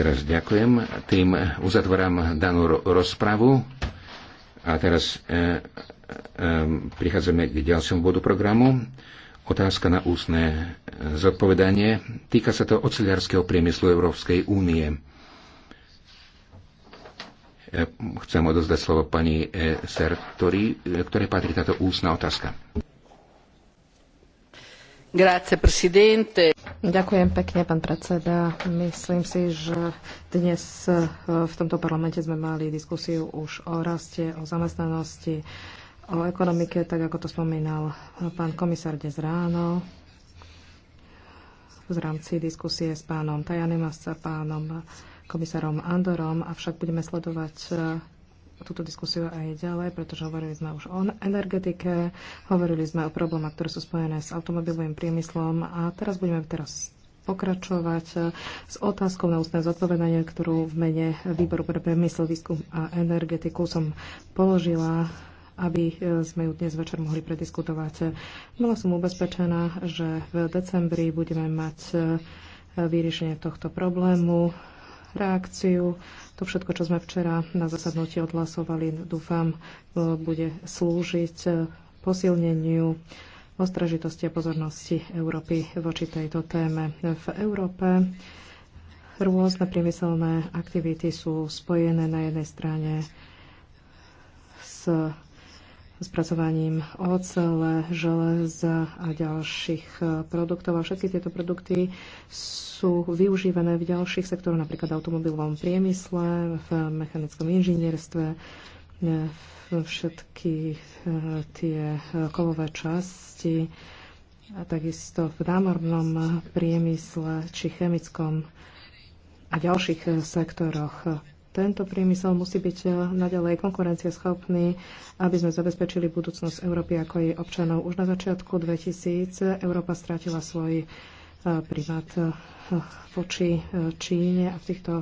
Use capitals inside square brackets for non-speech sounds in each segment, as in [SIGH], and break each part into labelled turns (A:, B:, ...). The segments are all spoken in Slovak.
A: Ešte raz ďakujem. Tým uzatvorám danú rozpravu. A teraz e, e, prichádzame k ďalšiemu bodu programu. Otázka na ústne zodpovedanie. Týka sa to oceliarského priemyslu Európskej únie. E, chcem odozdať slovo pani e, Sertori, e, ktoré patrí táto ústna otázka.
B: Ďakujem pekne, pán predseda. Myslím si, že dnes eh, v tomto parlamente sme mali diskusiu už o raste, o zamestnanosti, o ekonomike, tak ako to spomínal eh, pán komisár dnes ráno v rámci diskusie s pánom Tajanem a s pánom komisárom Andorom, avšak budeme sledovať eh, túto diskusiu aj ďalej, pretože hovorili sme už o energetike, hovorili sme o problémach, ktoré sú spojené s automobilovým priemyslom a teraz budeme teraz pokračovať s otázkou na ústne zodpovedanie, ktorú v mene Výboru pre priemysel, výskum a energetiku som položila aby e, sme ju dnes večer mohli prediskutovať. Bola som ubezpečená, že v decembri budeme mať e, vyriešenie tohto problému reakciu. To všetko, čo sme včera na zasadnutí odhlasovali, dúfam, e, bude slúžiť e, posilneniu ostražitosti a pozornosti Európy voči tejto téme. V Európe rôzne priemyselné aktivity sú spojené na jednej strane s spracovaním ocele, železa a ďalších e, produktov. A všetky tieto produkty sú využívané v ďalších sektoroch, napríklad v automobilovom priemysle, v mechanickom inžinierstve, e, všetky e, tie kovové časti a takisto v námornom priemysle či chemickom a ďalších sektoroch tento priemysel musí byť eh, naďalej konkurencieschopný, aby sme zabezpečili budúcnosť Európy ako jej občanov. Už na začiatku 2000 Európa strátila svoj eh, primát eh, voči Číne a v týchto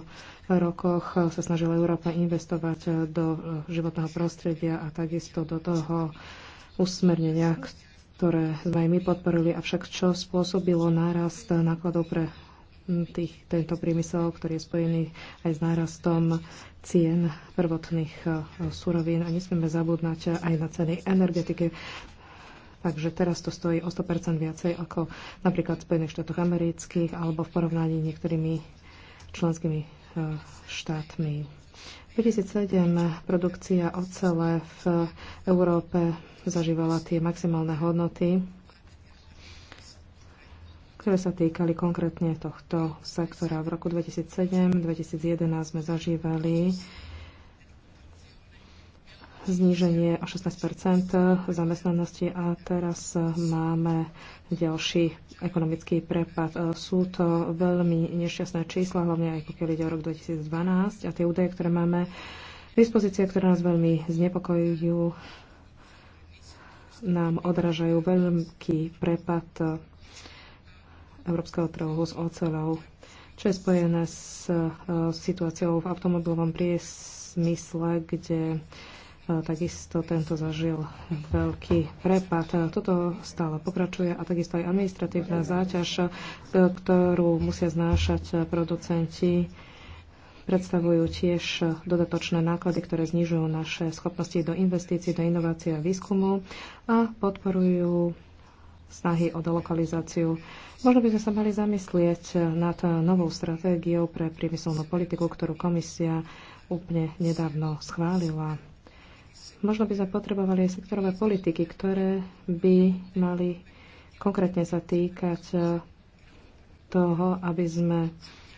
B: rokoch sa snažila Európa investovať do životného prostredia a takisto do toho usmernenia, ktoré sme aj my podporili, avšak čo spôsobilo nárast nákladov pre tých, tento priemysel, ktorý je spojený aj s nárastom cien prvotných e, surovín a nesmieme zabudnať aj na ceny energetiky. Takže teraz to stojí o 100% viacej ako napríklad v Spojených štátoch amerických alebo v porovnaní niektorými členskými e, štátmi. 2007 produkcia ocele v Európe zažívala tie maximálne hodnoty ktoré sa týkali konkrétne tohto sektora. V roku 2007-2011 sme zažívali zníženie o 16 zamestnanosti a teraz máme ďalší ekonomický prepad. Sú to veľmi nešťastné čísla, hlavne aj pokiaľ ide o rok 2012 a tie údaje, ktoré máme k dispozícii, ktoré nás veľmi znepokojujú, nám odražajú veľký prepad európskeho trhu s oceľou, čo je spojené s e, situáciou v automobilovom priesmysle, kde e, takisto tento zažil veľký prepad. Toto stále pokračuje a takisto aj administratívna záťaž, e, ktorú musia znášať producenti, predstavujú tiež dodatočné náklady, ktoré znižujú naše schopnosti do investícií, do inovácií a výskumu a podporujú snahy o delokalizáciu. Možno by sme sa mali zamyslieť nad novou stratégiou pre priemyselnú politiku, ktorú komisia úplne nedávno schválila. Možno by sme potrebovali aj sektorové politiky, ktoré by mali konkrétne sa týkať toho, aby sme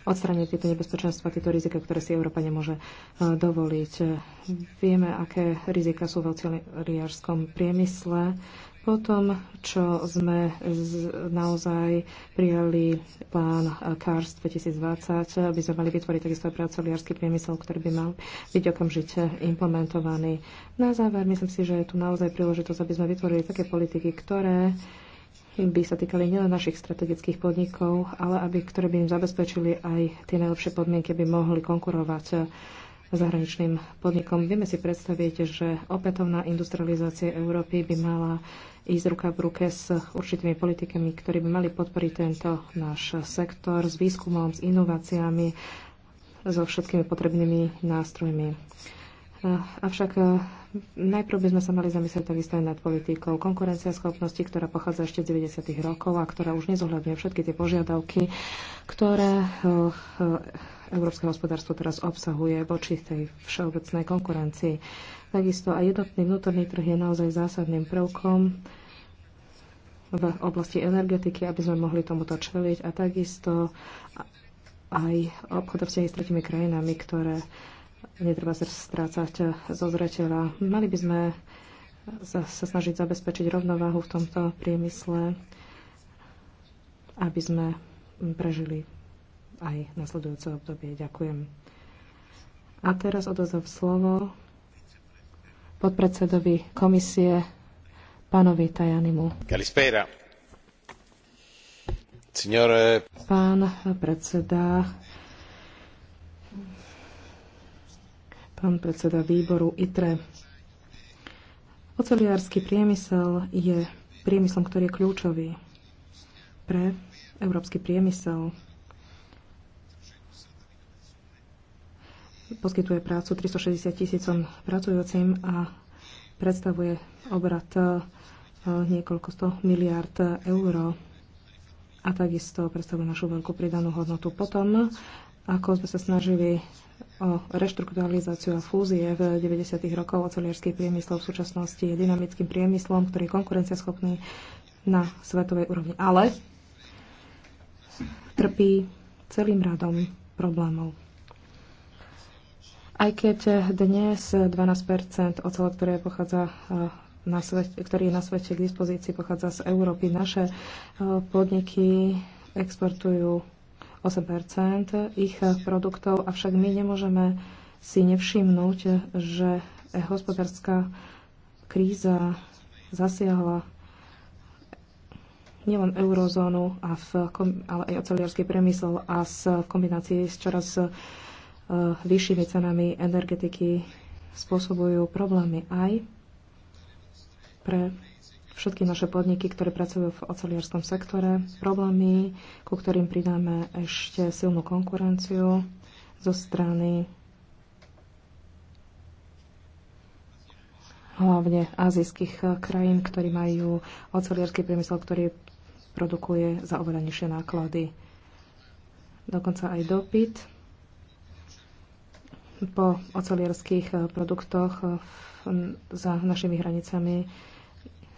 B: odstrániť tieto nebezpečenstva, tieto rizika, ktoré si Európa nemôže e, dovoliť. Vieme, aké rizika sú v oceliarskom priemysle po tom, čo sme naozaj prijali plán CARS 2020, by sme mali vytvoriť takisto aj pracovliarský priemysel, ktorý by mal byť okamžite implementovaný. Na záver, myslím si, že je tu naozaj príležitosť, aby sme vytvorili také politiky, ktoré by sa týkali nielen našich strategických podnikov, ale aby, ktoré by im zabezpečili aj tie najlepšie podmienky, aby mohli konkurovať zahraničným podnikom. Vieme si predstaviť, že opätovná industrializácia Európy by mala ísť ruka v ruke s určitými politikami, ktorí by mali podporiť tento náš sektor s výskumom, s inováciami, so všetkými potrebnými nástrojmi. Avšak najprv by sme sa mali zamyslieť takisto aj nad politikou konkurencia schopnosti, ktorá pochádza ešte z 90. rokov a ktorá už nezohľadňuje všetky tie požiadavky, ktoré eh, európske hospodárstvo teraz obsahuje voči tej všeobecnej konkurencii. Takisto aj jednotný vnútorný trh je naozaj zásadným prvkom v oblasti energetiky, aby sme mohli tomuto čeliť a takisto aj obchod s tretimi krajinami, ktoré netreba strácať zo zreteľa. Mali by sme sa snažiť zabezpečiť rovnováhu v tomto priemysle, aby sme prežili aj nasledujúce obdobie. Ďakujem. A teraz odozov slovo podpredsedovi komisie pánovi Tajanimu.
A: Kalispera. Signore...
B: Pán predseda, pán predseda výboru ITRE. Oceliársky priemysel je priemyslom, ktorý je kľúčový pre európsky priemysel poskytuje prácu 360 tisícom pracujúcim a predstavuje obrat e, niekoľko 100 miliard eur a takisto predstavuje našu veľkú pridanú hodnotu. Potom, ako sme sa snažili o reštrukturalizáciu a fúzie v 90. rokoch oceliarský priemysel v súčasnosti je dynamickým priemyslom, ktorý je konkurenciaschopný na svetovej úrovni. Ale trpí celým radom problémov. Aj keď dnes 12 ocele, ktoré pochádza e, na svete, ktorý je na svete k dispozícii, pochádza z Európy. Naše e, podniky exportujú 8 ich produktov, avšak my nemôžeme si nevšimnúť, že hospodárska kríza zasiahla nielen eurozónu, ale aj oceliarský priemysel a v kombinácii s čoraz vyššími cenami energetiky spôsobujú problémy aj pre všetky naše podniky, ktoré pracujú v oceliarskom sektore, problémy, ku ktorým pridáme ešte silnú konkurenciu zo strany hlavne azijských krajín, ktorí majú oceliarský priemysel, ktorý produkuje za oveľa nižšie náklady. Dokonca aj dopyt po ocelierských eh, produktoch eh, za našimi hranicami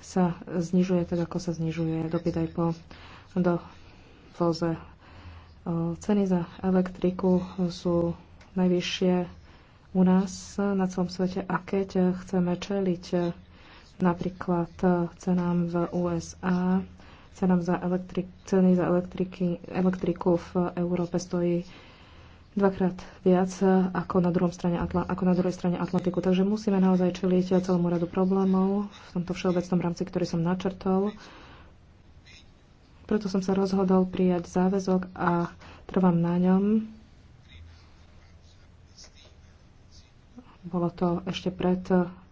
B: sa znižuje tak, ako sa znižuje dopyt aj po do voze. Eh, ceny za elektriku sú najvyššie u nás na celom svete a keď chceme čeliť napríklad cenám v USA, cenám za elektri- ceny za elektriky, elektriku v Európe stojí dvakrát viac ako na, druhom strane ako na druhej strane Atlantiku. Takže musíme naozaj čeliť celomu radu problémov v tomto všeobecnom rámci, ktorý som načrtol. Preto som sa rozhodol prijať záväzok a trvám na ňom. Bolo to ešte pred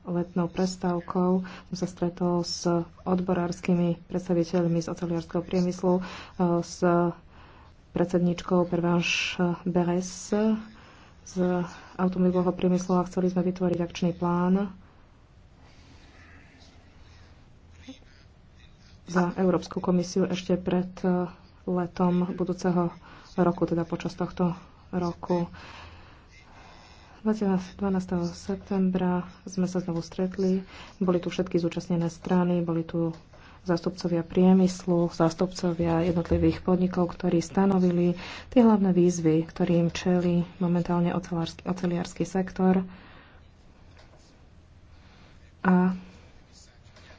B: letnou prestávkou. Som sa stretol s odborárskymi predstaviteľmi z oceliarského priemyslu, s predsedničkou Pervanš Beres z automobilového priemyslu a chceli sme vytvoriť akčný plán za Európsku komisiu ešte pred eh, letom budúceho roku, teda počas tohto roku. 12. septembra sme sa znovu stretli, boli tu všetky zúčastnené strany, boli tu zástupcovia priemyslu, zástupcovia jednotlivých podnikov, ktorí stanovili tie hlavné výzvy, ktorým čeli momentálne oceliársky sektor. A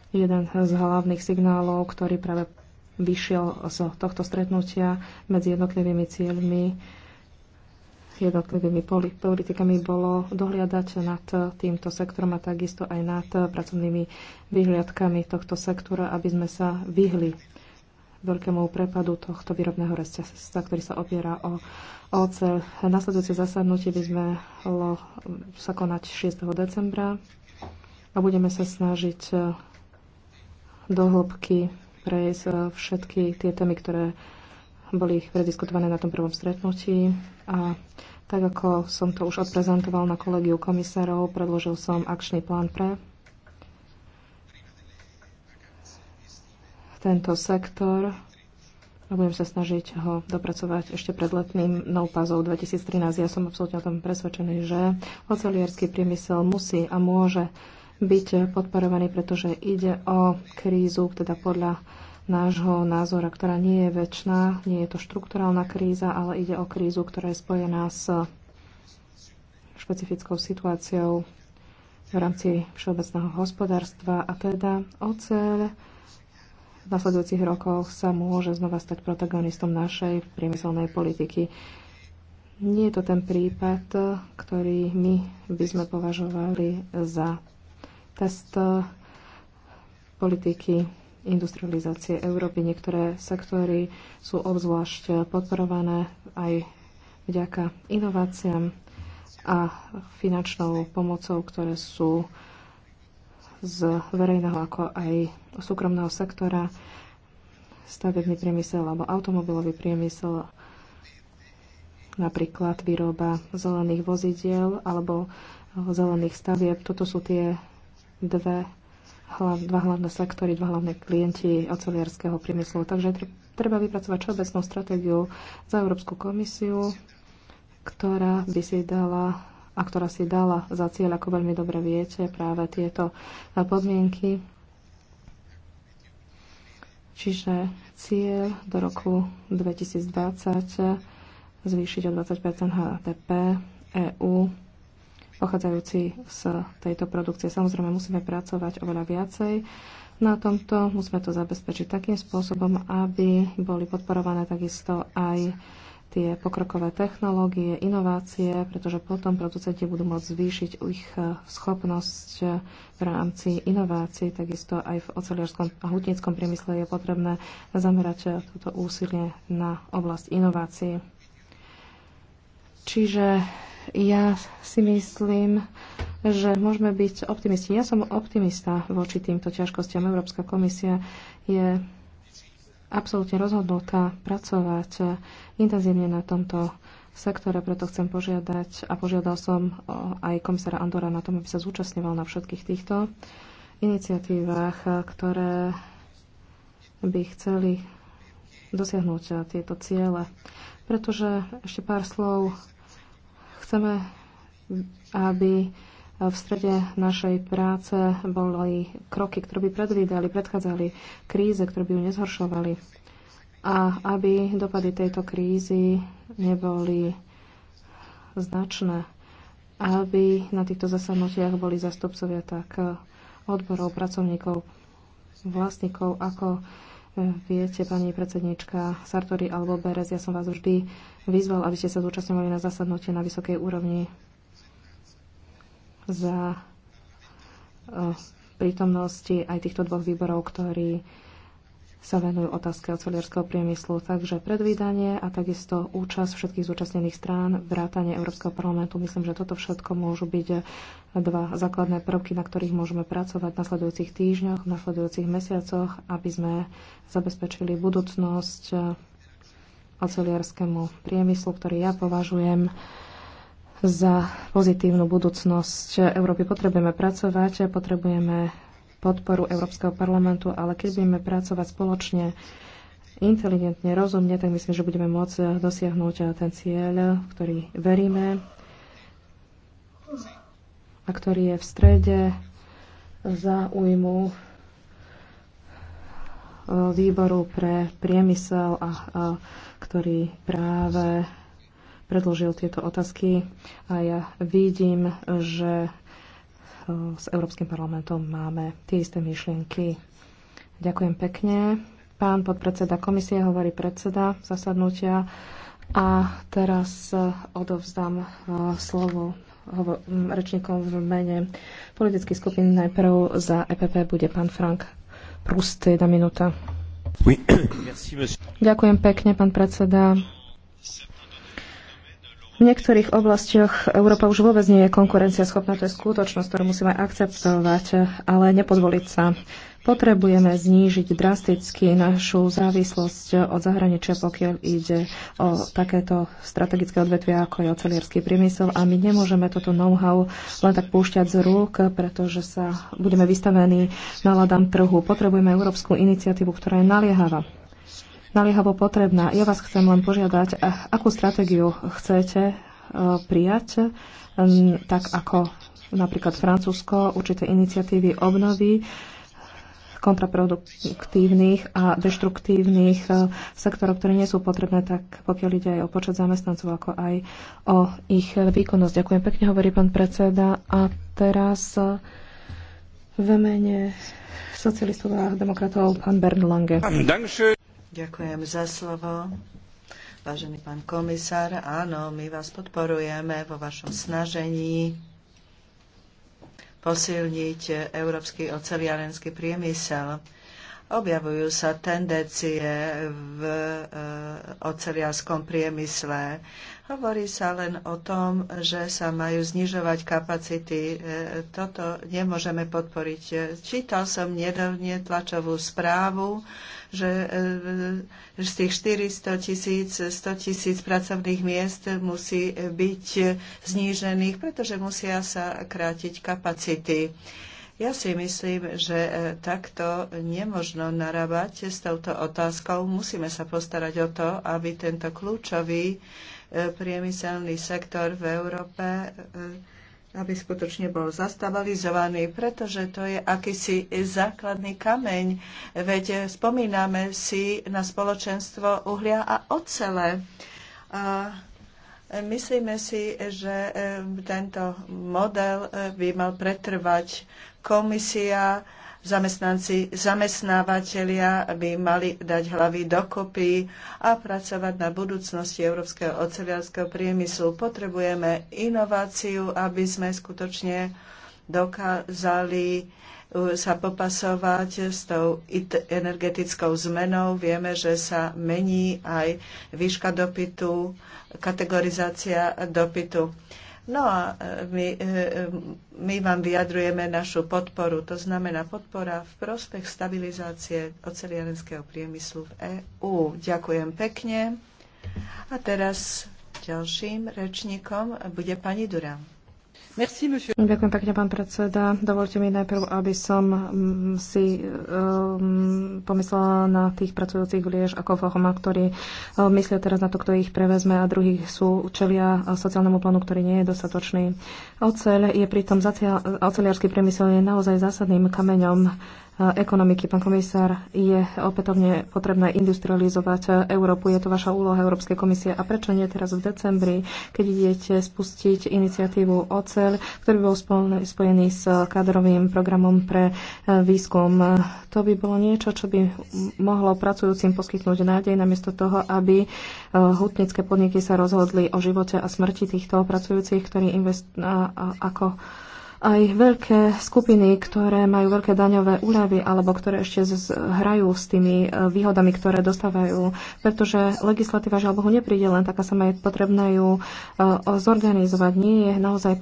B: jeden z hlavných signálov, ktorý práve vyšiel z tohto stretnutia medzi jednotlivými cieľmi, jednotlivými politikami bolo dohliadať nad týmto sektorom a takisto aj nad pracovnými vyhliadkami tohto sektora, aby sme sa vyhli veľkému prepadu tohto výrobného reťazca, ktorý sa opiera o ocel. Nasledujúce zasadnutie by sme lo, sa konať 6. decembra a budeme sa snažiť do hĺbky prejsť všetky tie témy, ktoré boli prediskutované na tom prvom stretnutí a tak ako som to už odprezentoval na kolegiu komisárov, predložil som akčný plán pre tento sektor a budem sa snažiť ho dopracovať ešte pred letným noupazou 2013. Ja som absolútne o tom presvedčený, že oceliarský priemysel musí a môže byť podporovaný, pretože ide o krízu, teda podľa nášho názora, ktorá nie je väčšiná, nie je to štrukturálna kríza, ale ide o krízu, ktorá je spojená s špecifickou situáciou v rámci všeobecného hospodárstva a teda oceľ v nasledujúcich rokoch sa môže znova stať protagonistom našej priemyselnej politiky. Nie je to ten prípad, ktorý my by sme považovali za test politiky industrializácie Európy. Niektoré sektory sú obzvlášť podporované aj vďaka inováciám a finančnou pomocou, ktoré sú z verejného ako aj súkromného sektora, stavebný priemysel alebo automobilový priemysel, napríklad výroba zelených vozidiel alebo zelených stavieb. Toto sú tie dve hlav, dva hlavné sektory, dva hlavné klienti oceliarského priemyslu. Takže treba vypracovať všeobecnú stratégiu za Európsku komisiu, ktorá by si dala a ktorá si dala za cieľ, ako veľmi dobre viete, práve tieto podmienky. Čiže cieľ do roku 2020 zvýšiť o 20 HDP EÚ pochádzajúci z tejto produkcie. Samozrejme, musíme pracovať oveľa viacej na tomto. Musíme to zabezpečiť takým spôsobom, aby boli podporované takisto aj tie pokrokové technológie, inovácie, pretože potom producenti budú môcť zvýšiť ich schopnosť v rámci inovácií. Takisto aj v oceliarskom a hutníckom priemysle je potrebné zamerať toto úsilie na oblasť inovácií. Čiže ja si myslím, že môžeme byť optimisti. Ja som optimista voči týmto ťažkostiam. Európska komisia je absolútne rozhodnutá pracovať intenzívne na tomto sektore, preto chcem požiadať a požiadal som aj komisára Andora na tom, aby sa zúčastňoval na všetkých týchto iniciatívach, ktoré by chceli dosiahnuť tieto ciele. Pretože ešte pár slov Chceme, aby v strede našej práce boli kroky, ktoré by predvídali, predchádzali kríze, ktoré by ju nezhoršovali a aby dopady tejto krízy neboli značné, aby na týchto zasadnutiach boli zastupcovia tak odborov, pracovníkov, vlastníkov, ako Viete, pani predsednička Sartori alebo Berez, ja som vás vždy vyzval, aby ste sa zúčastňovali na zasadnutie na vysokej úrovni za eh, prítomnosti aj týchto dvoch výborov, ktorí sa venujú otázke oceliarského priemyslu. Takže predvídanie a takisto účasť všetkých zúčastnených strán, vrátanie Európskeho parlamentu, myslím, že toto všetko môžu byť dva základné prvky, na ktorých môžeme pracovať v nasledujúcich týždňoch, v nasledujúcich mesiacoch, aby sme zabezpečili budúcnosť oceliarskému priemyslu, ktorý ja považujem za pozitívnu budúcnosť Európy. Potrebujeme pracovať, potrebujeme podporu Európskeho parlamentu, ale keď budeme pracovať spoločne, inteligentne, rozumne, tak myslím, že budeme môcť dosiahnuť ten cieľ, v ktorý veríme a ktorý je v strede záujmu e, výboru pre priemysel, a, a ktorý práve predložil tieto otázky a ja vidím, že s Európskym parlamentom máme tie isté myšlienky. Ďakujem pekne. Pán podpredseda komisie hovorí predseda zasadnutia. A teraz eh, odovzdám eh, slovo rečníkom v mene politických skupín. Najprv za EPP bude pán Frank Prust, jedna minúta. Oui. Ďakujem pekne, pán predseda. V niektorých oblastiach Európa už vôbec nie je konkurenciaschopná, to je skutočnosť, ktorú musíme akceptovať, ale nepozvoliť sa. Potrebujeme znížiť drasticky našu závislosť od zahraničia, pokiaľ ide o takéto strategické odvetvia, ako je ocelierský priemysel. A my nemôžeme toto know-how len tak púšťať z rúk, pretože sa budeme vystavení náladám trhu. Potrebujeme európsku iniciatívu, ktorá je naliehavá naliehavo potrebná. Ja vás chcem len požiadať, eh, akú stratégiu chcete eh, prijať, tak ako napríklad Francúzsko, určité iniciatívy obnovy kontraproduktívnych a deštruktívnych eh, sektorov, ktoré nie sú potrebné, tak pokiaľ ide aj o počet zamestnancov, ako aj o ich výkonnosť. Ďakujem pekne, hovorí pán predseda. A teraz v mene socialistov a demokratov pán Bernd Lange.
C: Ďakujem za slovo. Vážený pán komisár, áno, my vás podporujeme vo vašom snažení posilniť európsky oceliarenský priemysel objavujú sa tendencie v e, oceliarskom priemysle. Hovorí sa len o tom, že sa majú znižovať kapacity. E, toto nemôžeme podporiť. E, čítal som nedávne tlačovú správu, že z tých 400 tisíc, 100 tisíc pracovných miest musí byť znížených, pretože musia sa krátiť kapacity ja si myslím, že e, takto nemožno narábať s touto otázkou. Musíme sa postarať o to, aby tento kľúčový e, priemyselný sektor v Európe e, aby skutočne bol zastabilizovaný, pretože to je akýsi základný kameň. Veď spomíname si na spoločenstvo uhlia a ocele. A Myslíme si, že e, tento model e, by mal pretrvať. Komisia, zamestnanci, zamestnávateľia by mali dať hlavy dokopy a pracovať na budúcnosti európskeho oceliarského priemyslu. Potrebujeme inováciu, aby sme skutočne dokázali eh, sa popasovať s tou energetickou zmenou. Vieme, že sa mení aj výška dopytu, kategorizácia dopytu. No a eh, my, eh, my vám vyjadrujeme našu podporu. To znamená podpora v prospech stabilizácie oceliarenského priemyslu v EÚ. Ďakujem pekne. A teraz ďalším rečníkom bude pani Durán.
B: Ďakujem pekne, pán predseda. Dovolte mi najprv, aby som mm, si um, pomyslela na tých pracujúcich v Liež ako Fahoma, ktorí um, myslia teraz na to, kto ich prevezme a druhí sú čelia e, sociálnemu plánu, ktorý nie je dostatočný. Oceľ je pritom zacia- oceliarský priemysel je naozaj zásadným kameňom ekonomiky. Pán komisár, je opätovne potrebné industrializovať Európu. Je to vaša úloha Európskej komisie. A prečo nie teraz v decembri, keď idete spustiť iniciatívu OCEL, ktorý bol spojený s kadrovým programom pre e, výskum? To by bolo niečo, čo by mohlo pracujúcim poskytnúť nádej, namiesto toho, aby e, hutnické podniky sa rozhodli o živote a smrti týchto pracujúcich, ktorí invest- a, a, ako aj veľké skupiny, ktoré majú veľké daňové úľavy alebo ktoré ešte hrajú s tými e, výhodami, ktoré dostávajú, pretože legislatíva žiaľ Bohu nepríde len taká sama je potrebné ju e, zorganizovať. Nie je naozaj e,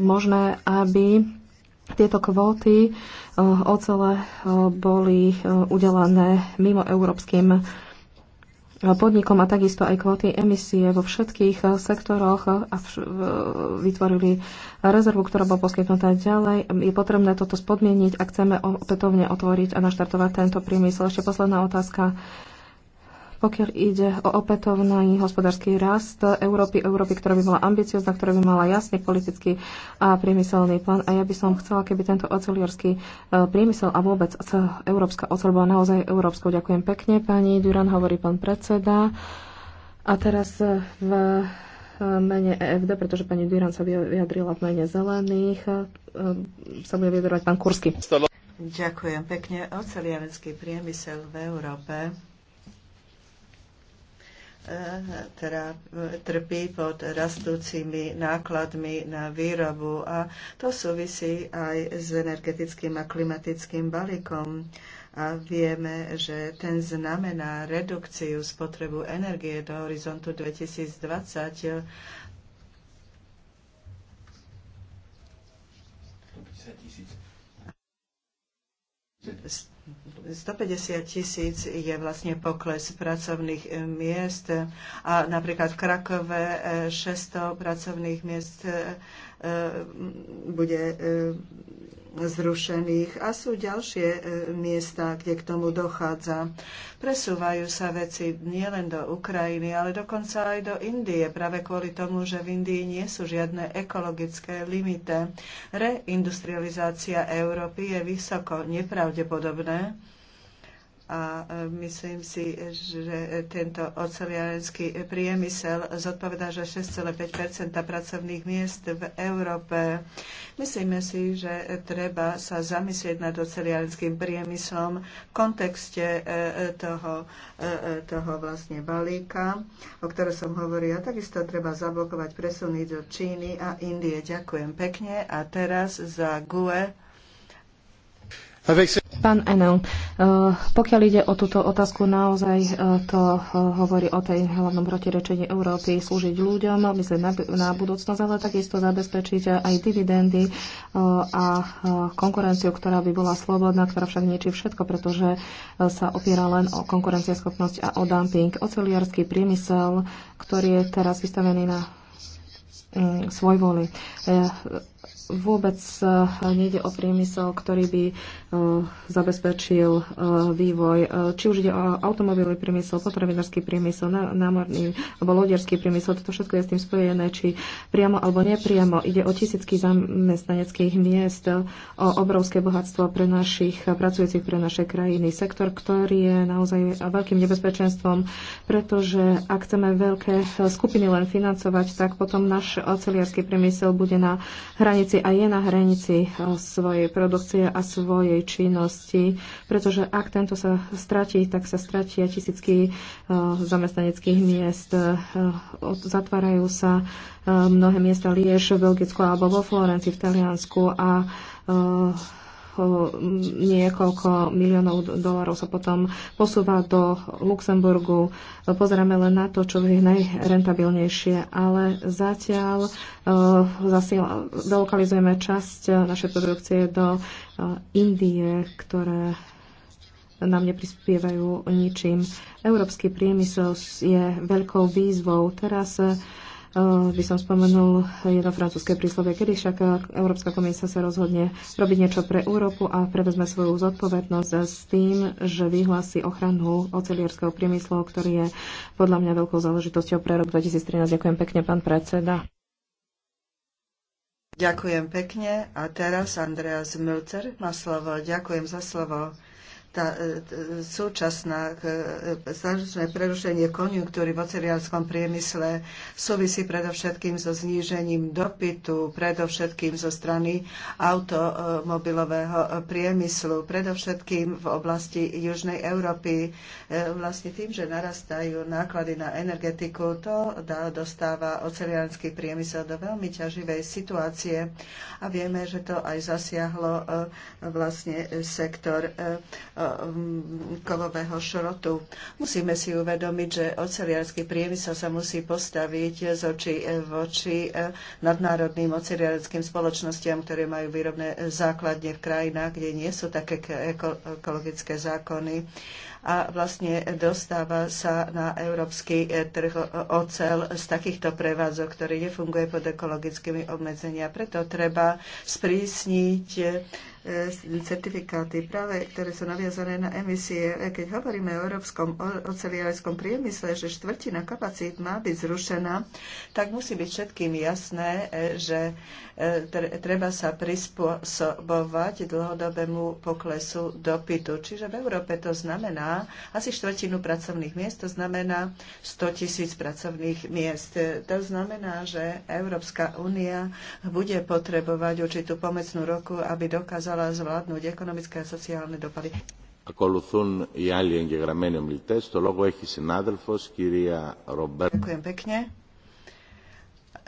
B: možné, aby tieto kvóty ocele boli udelené mimo európskym podnikom a takisto aj kvóty emisie vo všetkých eh, sektoroch eh, a vytvorili rezervu, ktorá bola poskytnutá ďalej. Je potrebné toto spodmieniť, a chceme opätovne otvoriť a naštartovať tento priemysel. Ešte posledná otázka pokiaľ ide o opätovný hospodársky rast Európy, Európy, ktorá by bola ambiciozna, ktorá by mala jasný politický a priemyselný plán. A ja by som chcela, keby tento oceliarský e, priemysel a vôbec e, európska oceľ bola naozaj európskou. Ďakujem pekne, pani Duran, hovorí pán predseda. A teraz e, v mene EFD, pretože pani Duran sa vyjadrila v mene zelených, sa bude vyjadrovať pán Kursky.
C: Ďakujem pekne. Oceliarenský priemysel v Európe Eh, teda eh, trpí pod rastúcimi nákladmi na výrobu a to súvisí aj s energetickým a klimatickým balíkom. A vieme, že ten znamená redukciu spotrebu energie do horizontu 2020 z 150 tisíc je vlastne pokles pracovných miest a napríklad v Krakove eh, 600 pracovných miest eh, bude eh, zrušených a sú ďalšie e, miesta, kde k tomu dochádza. Presúvajú sa veci nielen do Ukrajiny, ale dokonca aj do Indie, práve kvôli tomu, že v Indii nie sú žiadne ekologické limite. Reindustrializácia Európy je vysoko nepravdepodobné, a e, myslím si, že tento oceliarenský priemysel zodpovedá, že 6,5 pracovných miest v Európe. Myslíme si, že treba sa zamyslieť nad oceliarenským priemyslom v kontekste e, e, toho, toho vlastne balíka, o ktorom som hovorila. Takisto treba zablokovať presuny do Číny a Indie. Ďakujem pekne a teraz za GUE
B: Pán Enel, eh, pokiaľ ide o túto otázku, naozaj eh, to eh, hovorí o tej hlavnom protirečení Európy slúžiť ľuďom, myslieť na, na budúcnosť, ale takisto zabezpečiť aj dividendy a konkurenciu, ktorá by bola slobodná, ktorá však niečí všetko, pretože sa opiera len o konkurencieschopnosť a o dumping. Oceliarský priemysel, ktorý je teraz vystavený na mm, svoj voli vôbec e, nejde o priemysel, ktorý by e, zabezpečil e, vývoj. Či už ide o automobilový priemysel, potravinársky priemysel, námorný alebo loďarský priemysel, toto všetko je s tým spojené, či priamo alebo nepriamo. Ide o tisícky zamestnaneckých miest, o obrovské bohatstvo pre našich pracujúcich, pre naše krajiny. Sektor, ktorý je naozaj veľkým nebezpečenstvom, pretože ak chceme veľké skupiny len financovať, tak potom náš oceliarský priemysel bude na hranici hranici a je na hranici eh, svojej produkcie a svojej činnosti, pretože ak tento sa stratí, tak sa stratia tisícky eh, zamestnaneckých miest. Eh, zatvárajú sa mnohé miesta Liež v Belgicku alebo vo Florencii v Taliansku a niekoľko miliónov dolarov sa potom posúva do Luxemburgu. Pozeráme len na to, čo je najrentabilnejšie, ale zatiaľ e, zasiel, dolokalizujeme časť e, našej produkcie do e, Indie, ktoré nám neprispievajú ničím. Európsky priemysel je veľkou výzvou. Teraz Eh, by som spomenul jedno francúzske príslovie, kedy však eh, Európska komisia sa rozhodne robiť niečo pre Európu a prevezme svoju zodpovednosť s tým, že vyhlási ochranu ocelierského priemyslu, ktorý je podľa mňa veľkou záležitosťou pre rok 2013. Ďakujem pekne, pán predseda.
C: Ďakujem pekne. A teraz Andreas Milcer má slovo. Ďakujem za slovo tá e, súčasná e, značné prerušenie konjunktúry v oceliarskom priemysle súvisí predovšetkým so znížením dopytu, predovšetkým zo strany automobilového e, priemyslu, predovšetkým v oblasti Južnej Európy. Vlastne tým, že narastajú náklady na energetiku, to dostáva oceliarský priemysel do veľmi ťaživej situácie a vieme, že to aj zasiahlo vlastne sektor Eh, kovového šrotu. Musíme si uvedomiť, že oceliarský priemysel sa musí postaviť z eh, v voči eh, nadnárodným oceliarským spoločnostiam, ktoré majú výrobné základne v krajinách, kde nie sú také ekologické zákony a vlastne dostáva sa na európsky e, trh e, ocel z takýchto prevádzok, ktorý nefunguje pod ekologickými obmedzenia. Preto treba sprísniť e, certifikáty, práve ktoré sú naviazané na emisie. Keď hovoríme o európskom oceliarskom priemysle, že štvrtina kapacít má byť zrušená, tak musí byť všetkým jasné, že treba sa prispôsobovať dlhodobému poklesu dopytu. Čiže v Európe to znamená, asi štvrtinu pracovných miest, to znamená 100 tisíc pracovných miest. To znamená, že Európska únia bude potrebovať určitú pomecnú roku, aby dokázala zvládnuť ekonomické a sociálne dopady.
A: Ακολουθούν οι άλλοι εγγεγραμμένοι ομιλητέ. Το λόγο έχει συνάδελφο, κυρία Ρομπέρτα.
C: Ďakujem pekne.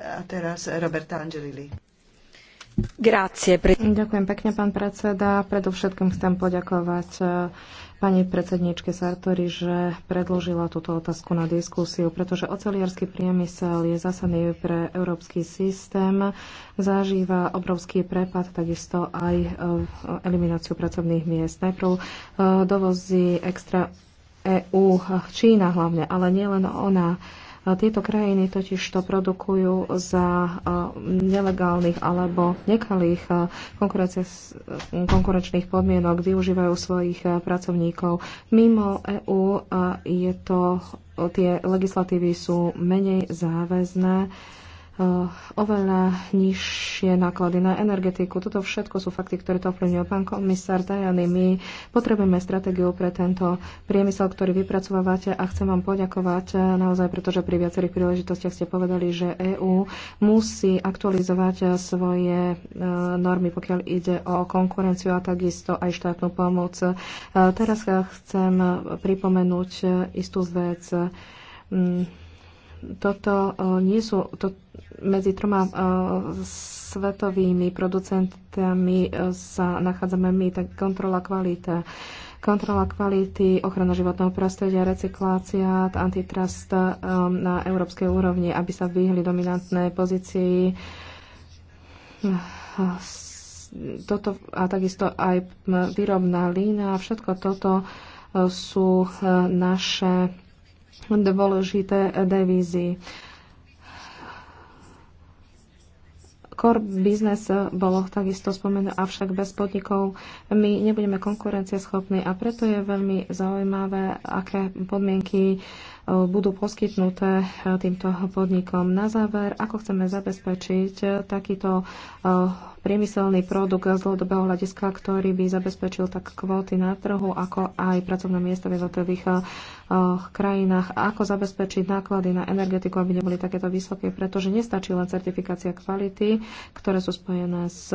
C: A teraz Roberta Angelili.
B: Grazie. Ďakujem pekne, pán predseda. Predovšetkým chcem poďakovať eh, pani predsedničke Sartori, že predložila túto otázku na diskusiu, pretože oceliarský priemysel je zásadný pre európsky systém, zažíva obrovský prepad, takisto aj e, elimináciu pracovných miest. Najprv e, dovozí extra EU Čína hlavne, ale nielen ona tieto krajiny totiž to produkujú za nelegálnych alebo nekalých konkurenčných podmienok, využívajú svojich pracovníkov. Mimo EÚ je to, tie legislatívy sú menej záväzné Eh, oveľa nižšie náklady na energetiku. Toto všetko sú fakty, ktoré to ovplyvňujú. Pán komisár Tajany, my potrebujeme stratégiu pre tento priemysel, ktorý vypracovávate a chcem vám poďakovať eh, naozaj, pretože pri viacerých príležitostiach ste povedali, že EÚ musí aktualizovať eh, svoje normy, pokiaľ ide o konkurenciu a takisto aj štátnu pomoc. Teraz chcem pripomenúť istú vec mm, toto e, nie sú to, medzi troma e, svetovými producentami e, sa nachádzame my, tak kontrola kvalita kontrola kvality, ochrana životného prostredia, recyklácia, antitrust na európskej úrovni, aby sa vyhli dominantné pozícii toto a takisto aj výrobná lína, všetko toto sú naše dôležité devízy. Core business bolo takisto spomenuté, avšak bez podnikov my nebudeme konkurencieschopní a preto je veľmi zaujímavé, aké podmienky uh, budú poskytnuté eh, týmto podnikom. Na záver, ako chceme zabezpečiť eh, takýto eh, priemyselný produkt z dlhodobého hľadiska, ktorý by zabezpečil tak kvóty na trhu, ako aj pracovné miesta v jednotlivých krajinách. Ako zabezpečiť náklady na energetiku, aby neboli takéto vysoké, pretože nestačí len certifikácia kvality, ktoré sú spojené s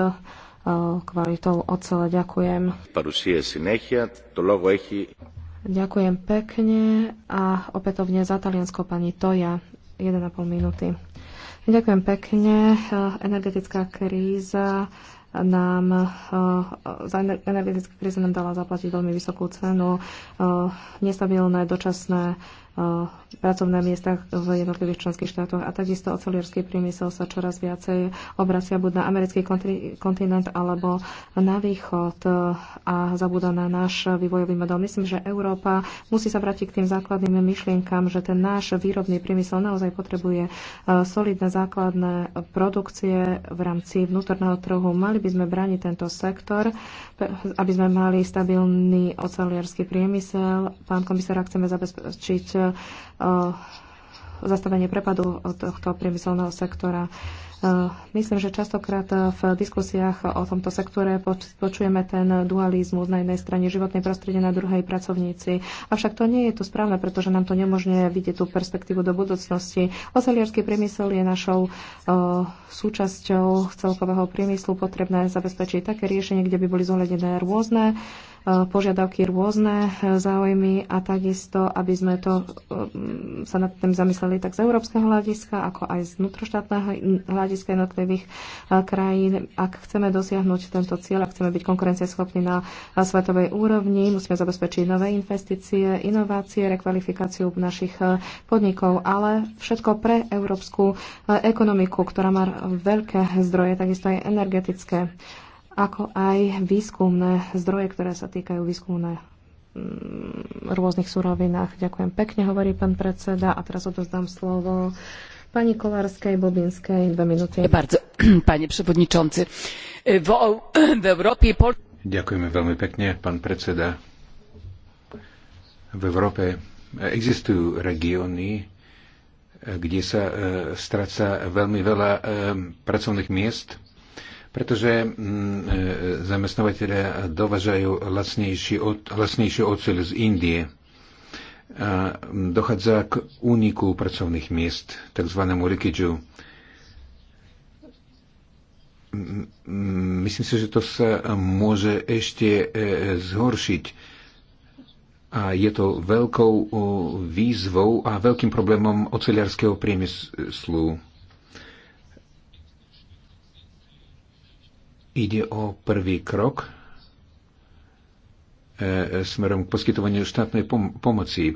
B: kvalitou ocele. Ďakujem. Ďakujem pekne a opätovne za Taliansko pani Toja. 1,5 minúty. Ďakujem pekne. Energetická kríza nám eh, za energetická kríza nám dala zaplatiť veľmi vysokú cenu. Eh, nestabilné dočasné pracovné miesta v jednotlivých členských štátoch a takisto oceliarský priemysel sa čoraz viacej obracia buď na americký kontinent alebo na východ e, a zabúda na náš vývojový model. Myslím, že Európa musí sa vrátiť k tým základným myšlienkam, že ten náš výrobný priemysel naozaj potrebuje e, solidné základné produkcie v rámci vnútorného trhu. Mali by sme brániť tento sektor, aby sme mali stabilný oceliarský priemysel. Pán komisár, chceme zabezpečiť E, zastavenie prepadu tohto priemyselného sektora. Eh, myslím, že častokrát eh, v diskusiách o tomto sektore počujeme ten dualizmus na jednej strane životné prostredie, na druhej pracovníci. Avšak to nie je to správne, pretože nám to nemožňuje vidieť tú perspektívu do budúcnosti. Oceliarský priemysel je našou eh, súčasťou celkového priemyslu. Potrebné zabezpečiť také riešenie, kde by boli zohľadené rôzne požiadavky rôzne záujmy a takisto, aby sme to, sa nad tým zamysleli tak z európskeho hľadiska, ako aj z vnútroštátneho hľadiska hľadiska jednotlivých krajín. Ak chceme dosiahnuť tento cieľ, ak chceme byť konkurencieschopní na svetovej úrovni, musíme zabezpečiť nové investície, inovácie, rekvalifikáciu našich podnikov, ale všetko pre európsku ekonomiku, ktorá má veľké zdroje, takisto aj energetické ako aj výskumné zdroje, ktoré sa týkajú výskumné mm, rôznych surovinách. Ďakujem pekne, hovorí pán predseda. A teraz odozdám slovo Pani Bardzo,
C: [CLEARS THROAT] panie przewodniczący. v e, Európe...
A: veľmi pekne, pan predseda. W Europie existujú regióny, e, kde sa e, stráca veľmi veľa e, pracovných miest, pretože e, zamestnovateľe dovažajú lacnejší, od, lacnejšiu oceľ z Indie dochádza k úniku pracovných miest, tzv. rikidžu. Myslím si, že to sa môže ešte e, zhoršiť a je to veľkou výzvou a veľkým problémom oceliarského priemyslu. Ide o prvý krok E, smerom k poskytovaniu štátnej pom- pomoci.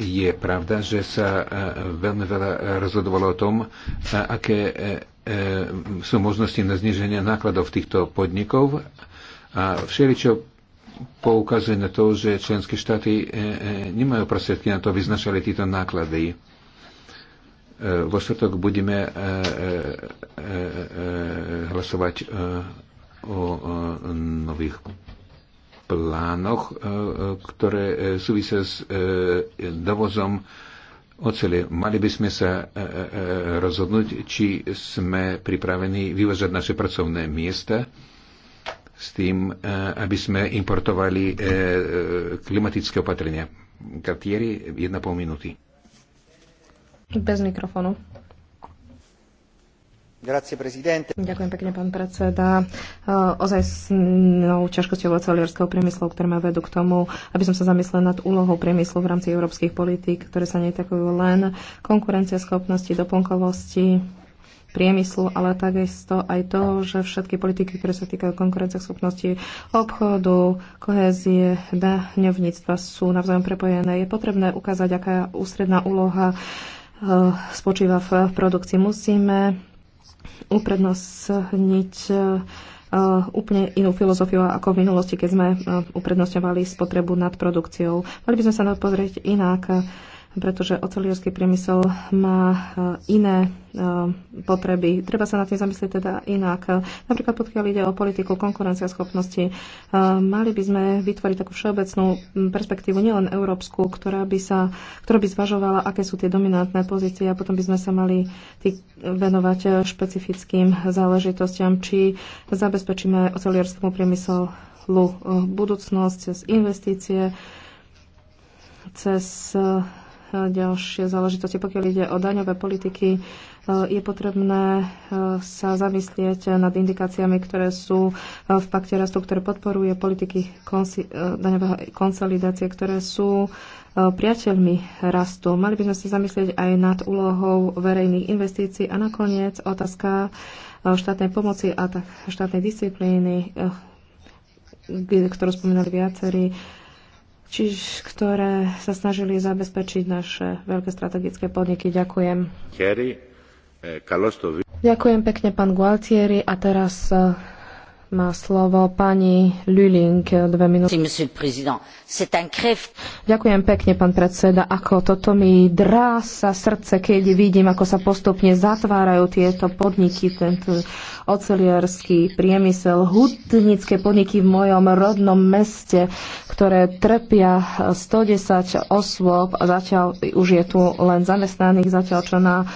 A: Je pravda, že sa e, veľmi veľa rozhodovalo o tom, e, aké sú možnosti na zniženie nákladov týchto podnikov a všeličo poukazuje na to, že členské štáty nemajú prostriedky na to, aby znašali tieto náklady. Vo štvrtok budeme hlasovať o nových plánoch, e, e, ktoré e, súvisia s dovozom ocele. Mali by sme sa rozhodnúť, či sme pripravení vyvozať naše pracovné miesta s tým, aby sme importovali klimatické opatrenia. Kartieri, jedna pol minúty.
B: Bez mikrofónu.
C: Ďakujem
B: pekne, pán predseda. E, Ozaj s ťažkosťou oceliarského priemyslu, ktoré ma vedú k tomu, aby som sa zamyslel nad úlohou priemyslu v rámci európskych politík, ktoré sa netakujú len konkurencieschopnosti, doplnkovosti priemyslu, ale takisto aj to, že všetky politiky, ktoré sa týkajú schopnosti obchodu, kohézie, daňovníctva sú navzájom prepojené. Je potrebné ukázať, aká ústredná úloha e, spočíva v produkcii. Musíme uprednostniť eh, úplne inú filozofiu ako v minulosti, keď sme eh, uprednostňovali spotrebu nad produkciou. Mali by sme sa pozrieť inak pretože oceliarský priemysel má e, iné e, potreby. Treba sa na tým zamyslieť teda inak. Napríklad pokiaľ ide o politiku konkurenciaschopnosti, e, mali by sme vytvoriť takú všeobecnú perspektívu, nielen európsku, ktorá by, sa, ktorá by zvažovala, aké sú tie dominantné pozície a potom by sme sa mali venovať špecifickým záležitostiam, či zabezpečíme oceliarskému priemyslu budúcnosť cez investície, cez ďalšie záležitosti. Pokiaľ ide o daňové politiky, e, je potrebné e, sa zamyslieť nad indikáciami, ktoré sú e, v pakte rastu, ktoré podporuje politiky konsi- daňového konsolidácie, ktoré sú priateľmi rastu. Mali by sme sa zamyslieť aj nad úlohou verejných investícií a nakoniec otázka štátnej pomoci a štátnej disciplíny, ktorú spomínali viacerí čiž, ktoré sa snažili zabezpečiť naše veľké strategické podniky. Ďakujem.
A: Eh,
B: Ďakujem pekne, pán Gualtieri. A teraz eh, má slovo pani Luling, dve minúty. Ďakujem pekne, pán predseda. Ako toto mi drása srdce, keď vidím, ako sa postupne zatvárajú tieto podniky, tento oceliarský priemysel, hutnické podniky v mojom rodnom meste, ktoré trpia 110 osôb a zatiaľ už je tu len zamestnaných, zatiaľ čo na, eh,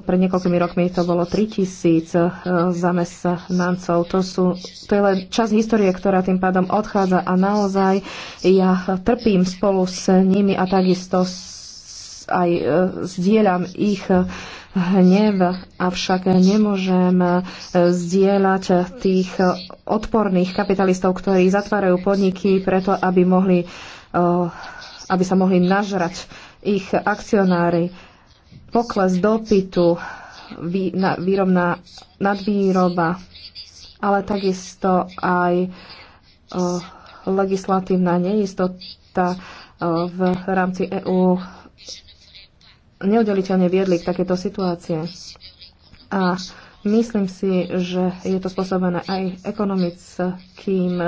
B: pred niekoľkými rokmi to bolo 3000 eh, zamestnancov. To sú to je len čas histórie, ktorá tým pádom odchádza a naozaj ja trpím spolu s nimi a takisto aj zdieľam e, ich e, hnev, avšak nemôžem zdieľať e, tých odporných kapitalistov, ktorí zatvárajú podniky preto, aby, mohli, aby sa mohli nažrať ich akcionári. Pokles dopytu, výrobná nadvýroba, ale takisto aj e, legislatívna neistota e, v rámci EÚ neudeliteľne viedli k takéto situácie. A myslím si, že je to spôsobené aj ekonomickým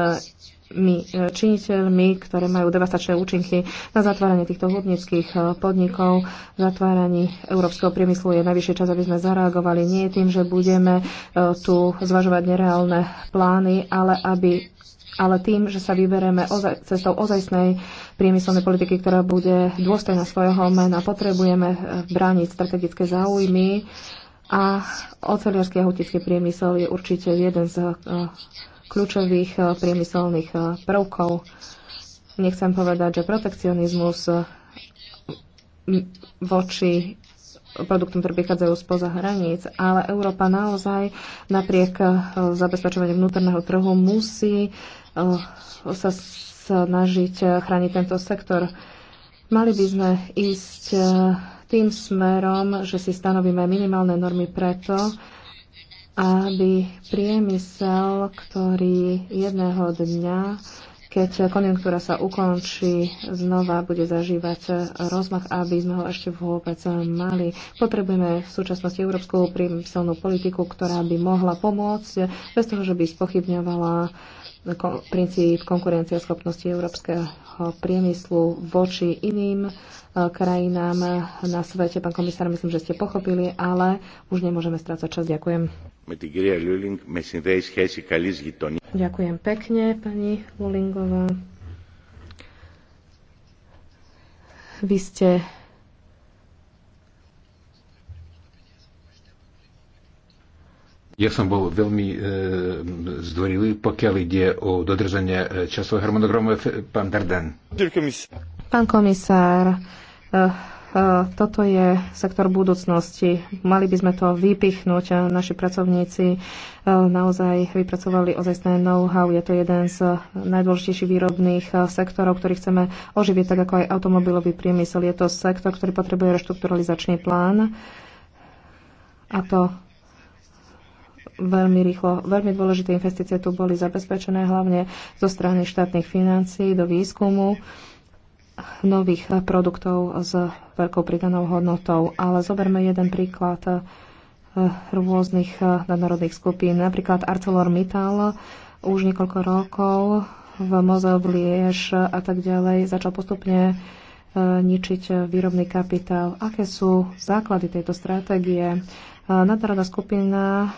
B: E, činiteľmi, ktoré majú devastačné účinky na zatváranie týchto hudnických e, podnikov, zatváranie európskeho priemyslu. Je najvyššie čas, aby sme zareagovali nie tým, že budeme e, tu zvažovať nereálne plány, ale aby ale tým, že sa vybereme ozaj, cestou ozajstnej priemyselnej politiky, ktorá bude dôstojná svojho mena, potrebujeme brániť strategické záujmy a oceliarský a hutický priemysel je určite jeden z kľúčových eh, priemyselných eh, prvkov. Nechcem povedať, že protekcionizmus eh, voči produktom, ktoré prichádzajú spoza hraníc, ale Európa naozaj napriek zabezpečovaniu vnútorného trhu musí sa snažiť chrániť tento sektor. Mali by sme ísť tým smerom, že si stanovíme minimálne normy preto, aby priemysel, ktorý jedného dňa, keď konjunktúra sa ukončí, znova bude zažívať rozmach, aby sme ho ešte vôbec mali. Potrebujeme v súčasnosti európsku priemyselnú politiku, ktorá by mohla pomôcť bez toho, že by spochybňovala princíp konkurencieschopnosti európskeho priemyslu voči iným e, krajinám na svete. Pán komisár, myslím, že ste pochopili, ale už nemôžeme strácať čas. Ďakujem. Ďakujem pekne, pani Lulingová. Vy ste
A: Ja som bol veľmi e, zdvorilý, pokiaľ ide o dodržanie e, časového harmonogramu. Pán Darden.
B: Pán komisár, e, e, toto je sektor budúcnosti. Mali by sme to vypichnúť. Naši pracovníci naozaj vypracovali ozajstné know-how. Je to jeden z najdôležitejších výrobných sektorov, ktorý chceme oživiť, tak ako aj automobilový priemysel. Je to sektor, ktorý potrebuje reštrukturalizačný plán. A to veľmi rýchlo. Veľmi dôležité investície tu boli zabezpečené hlavne zo strany štátnych financií do výskumu nových produktov s veľkou pridanou hodnotou. Ale zoberme jeden príklad eh, rôznych eh, nadnárodných skupín. Napríklad ArcelorMittal už niekoľko rokov v Mozov v Liež a tak ďalej začal postupne eh, ničiť výrobný kapitál. Aké sú základy tejto stratégie? Nadnárodná skupina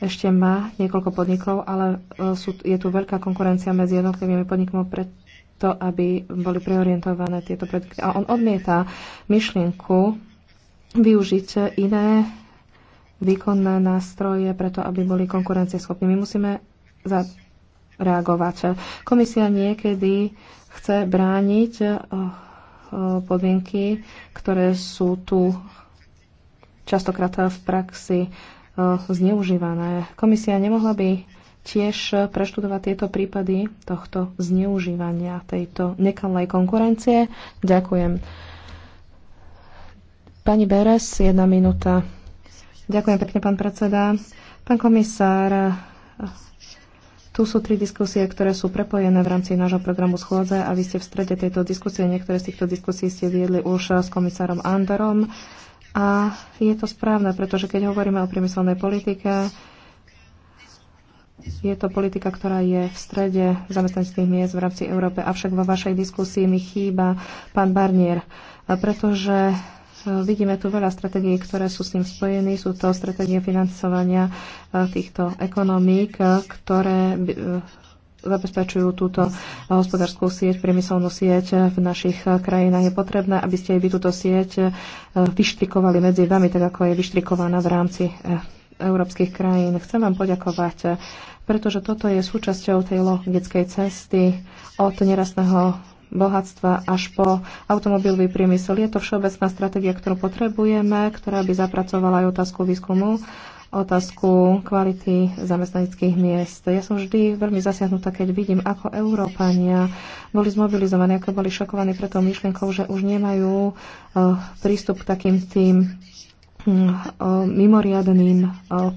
B: ešte má niekoľko podnikov, ale e, sú, je tu veľká konkurencia medzi jednotlivými podnikmi preto, aby boli preorientované tieto produkty. A on odmieta myšlienku využiť iné výkonné nástroje preto, aby boli konkurencieschopní. My musíme zareagovať. Komisia niekedy chce brániť e, e, podmienky, ktoré sú tu častokrát v praxi Eh, zneužívané. Komisia nemohla by tiež preštudovať tieto prípady tohto zneužívania, tejto nekalej konkurencie. Ďakujem. Pani Beres, jedna minúta. Ďakujem pekne, pán predseda. Pán komisár, tu sú tri diskusie, ktoré sú prepojené v rámci nášho programu schôdze a vy ste v strede tejto diskusie. Niektoré z týchto diskusí ste viedli už s komisárom Andorom. A je to správne, pretože keď hovoríme o priemyselnej politike, je to politika, ktorá je v strede zamestnaneckých miest v rámci Európe. Avšak vo vašej diskusii mi chýba pán Barnier, pretože vidíme tu veľa stratégií, ktoré sú s ním spojené. Sú to stratégie financovania eh, týchto ekonomík, eh, ktoré eh, zabezpečujú túto eh, hospodárskú sieť, priemyselnú sieť eh, v našich eh, krajinách. Je potrebné, aby ste aj vy túto sieť vyštrikovali medzi vami, tak ako je vyštrikovaná v rámci európskych krajín. Chcem vám poďakovať, pretože toto je súčasťou tej logickej cesty od nerastného bohatstva až po automobilový priemysel. Je to všeobecná stratégia, ktorú potrebujeme, ktorá by zapracovala aj otázku výskumu otázku kvality zamestnaneckých miest. Ja som vždy veľmi zasiahnutá, keď vidím, ako Európania boli zmobilizovaní, ako boli šokovaní pre tou myšlienkou, že už nemajú eh, prístup k takým tým hm, eh, mimoriadným eh,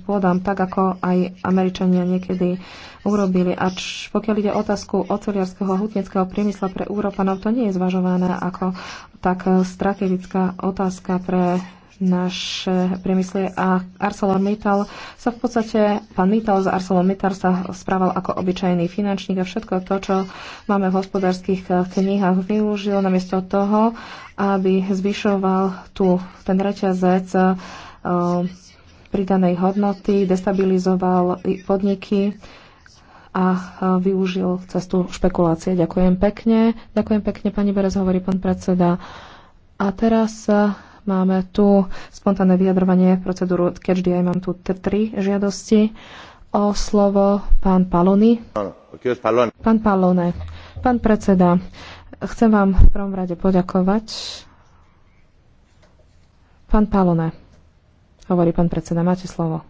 B: pôdam, tak ako aj Američania niekedy urobili. A pokiaľ ide otázku oceliarského a hutnického priemysla pre Európanov, to nie je zvažované ako tak strategická otázka pre naše priemysly a ArcelorMittal sa v podstate, pán Mittal z ArcelorMittal sa správal ako obyčajný finančník a všetko to, čo máme v hospodárskych knihách využil namiesto toho, aby zvyšoval tu ten reťazec eh, pridanej hodnoty, destabilizoval podniky a eh, využil cestu špekulácie. Ďakujem pekne. Ďakujem pekne, pani Berez, hovorí pán predseda. A teraz eh, Máme tu spontánne vyjadrovanie procedúru Catch aj Mám tu tri žiadosti o slovo pán Palony.
A: Pán
B: Palone, pán predseda, chcem vám v prvom rade poďakovať. Pán Palone, hovorí pán predseda, máte slovo.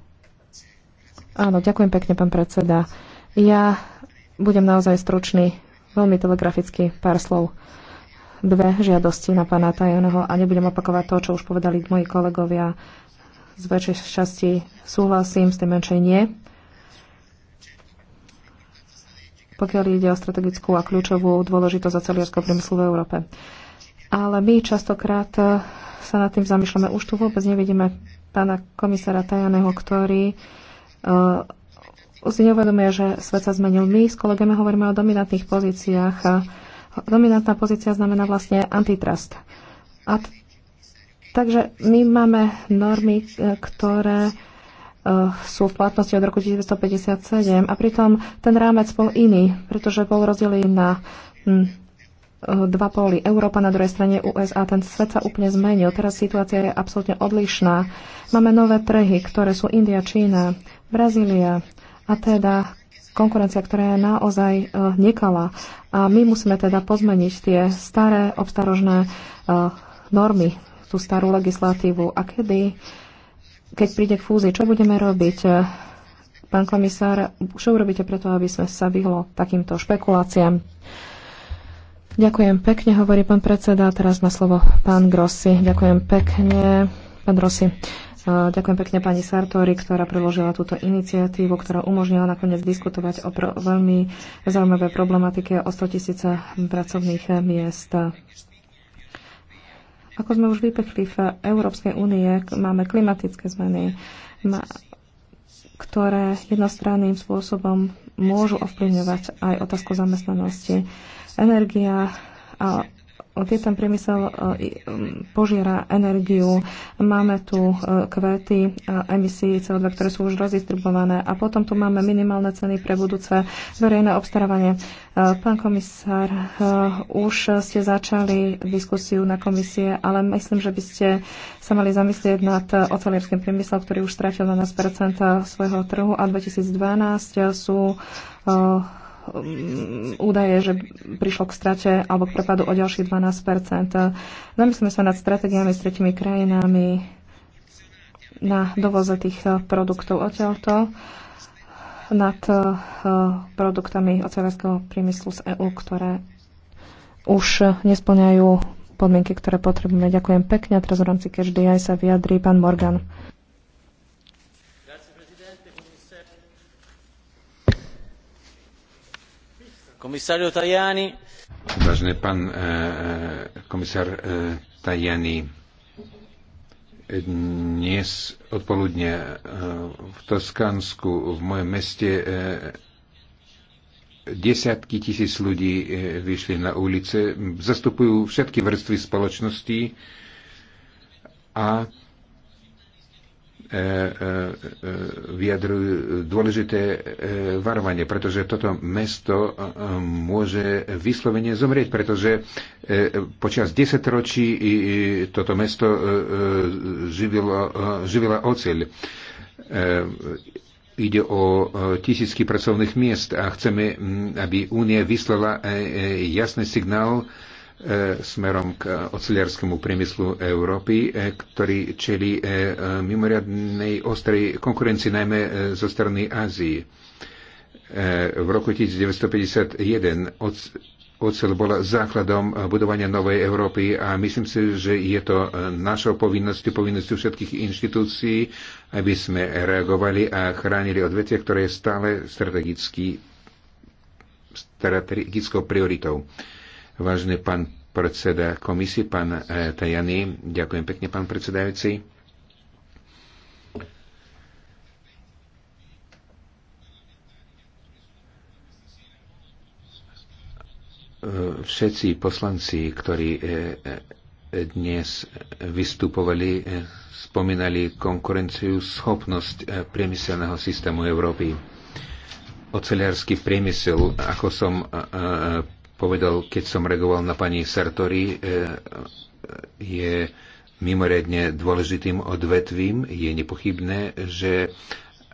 B: Áno, ďakujem pekne, pán predseda. Ja budem naozaj stručný, veľmi telegraficky, pár slov dve žiadosti na pána Tajaného a nebudem opakovať to, čo už povedali moji kolegovia. Z väčšej časti súhlasím, s tým menšej nie. Pokiaľ ide o strategickú a kľúčovú dôležitosť za celiarského priemyslu v Európe. Ale my častokrát sa nad tým zamýšľame. Už tu vôbec nevidíme pána komisára Tajaného, ktorý uh, si neuvedomuje, že svet sa zmenil. My s kolegami hovoríme o dominantných pozíciách dominantná pozícia znamená vlastne antitrust. A takže my máme normy, e, ktoré e, sú v platnosti od roku 1957 a pritom ten rámec bol iný, pretože bol rozdelený na hm, e, dva póly. Európa na druhej strane USA. Ten svet sa úplne zmenil. Teraz situácia je absolútne odlišná. Máme nové trhy, ktoré sú India, Čína, Brazília. A teda konkurencia, ktorá je naozaj e, nekalá. A my musíme teda pozmeniť tie staré, obstarožné e, normy, tú starú legislatívu. A kedy, keď príde k fúzii, čo budeme robiť? E, pán komisár, čo urobíte preto, aby sme sa vyhlo takýmto špekuláciám? Ďakujem pekne, hovorí pán predseda. Teraz má slovo pán Grossi. Ďakujem pekne, pán Grossi. E, ďakujem pekne pani Sartori, ktorá predložila túto iniciatívu, ktorá umožnila nakoniec diskutovať o veľmi zaujímavé problematike o 100 tisíce pracovných miest. Ako sme už vypechli v Európskej únie, máme klimatické zmeny, ktoré jednostranným spôsobom môžu ovplyvňovať aj otázku zamestnanosti. Energia a Vietnam priemysel um, požiera energiu, máme tu kvety emisí CO2, ktoré sú už rozdistribované. a potom tu máme minimálne ceny pre budúce verejné obstarávanie. Pán komisár, už ste začali diskusiu na komisie, ale myslím, že by ste sa mali zamyslieť nad ocelierským priemyslom, ktorý už stratil na nás percent svojho trhu a 2012 sú Um, údaje, že prišlo k strate alebo k prepadu o ďalších 12 Zamyslíme sa nad stratégiami s tretimi krajinami na dovoze tých eh, produktov odtiaľto nad eh, produktami ocelárskeho priemyslu z EÚ, ktoré už nesplňajú podmienky, ktoré potrebujeme. Ďakujem pekne. teraz v rámci každej aj sa vyjadrí pán Morgan.
C: Komisario Tajani.
A: Vážený pán eh, eh, komisár eh, Tajani, dnes odpoludne v Toskánsku, v mojom meste, desiatky tisíc ľudí vyšli na ulice, zastupujú všetky vrstvy spoločnosti a E, e, e, vyjadrujú dôležité varovanie, pretože toto mesto môže vyslovene zomrieť, pretože počas 10 ročí toto mesto živilo, živila oceľ. Ide o tisícky pracovných miest a chceme, aby Únia vyslala jasný signál, E, smerom k oceliarskému priemyslu Európy, e, ktorý čeli e, mimoriadnej ostrej konkurencii najmä zo strany Ázie. V roku 1951 oceľ bola základom budovania novej Európy a myslím si, že je to našou povinnosťou, povinnosťou všetkých inštitúcií, aby sme reagovali a chránili odvetie, ktoré je stále strategickou prioritou. Vážny pán predseda komisie, pán eh, Tajany, ďakujem pekne, pán predsedajúci. Eh, všetci poslanci, ktorí eh, dnes vystupovali, spomínali konkurenciu schopnosť priemyselného systému Európy. Oceliarský priemysel, ako som povedal, keď som reagoval na pani Sartori, e, je mimoriadne dôležitým odvetvím. Je nepochybné, že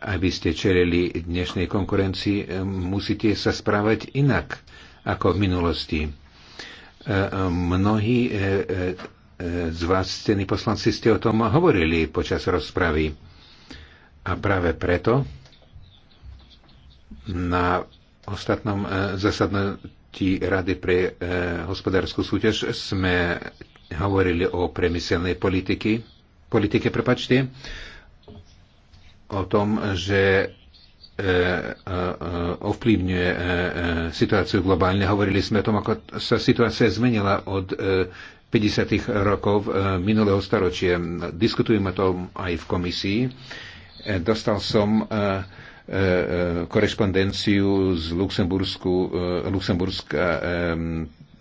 A: aby ste čelili dnešnej konkurencii, e, musíte sa správať inak ako v minulosti. E, mnohí z vás, cení poslanci, ste o tom hovorili počas rozpravy. A práve preto na ostatnom zasadnutí stretnutí Rady pre e, hospodárskú súťaž sme hovorili o premyselnej politiky, politike, prepačte, o tom, že e, e, ovplyvňuje e, e, situáciu globálne. Hovorili sme o tom, ako sa situácia zmenila od e, 50. rokov e, minulého staročia. Diskutujeme o tom aj v komisii. E, Dostal som e, Eh, korespondenciu z Luxembursku, eh, Luxemburska, eh,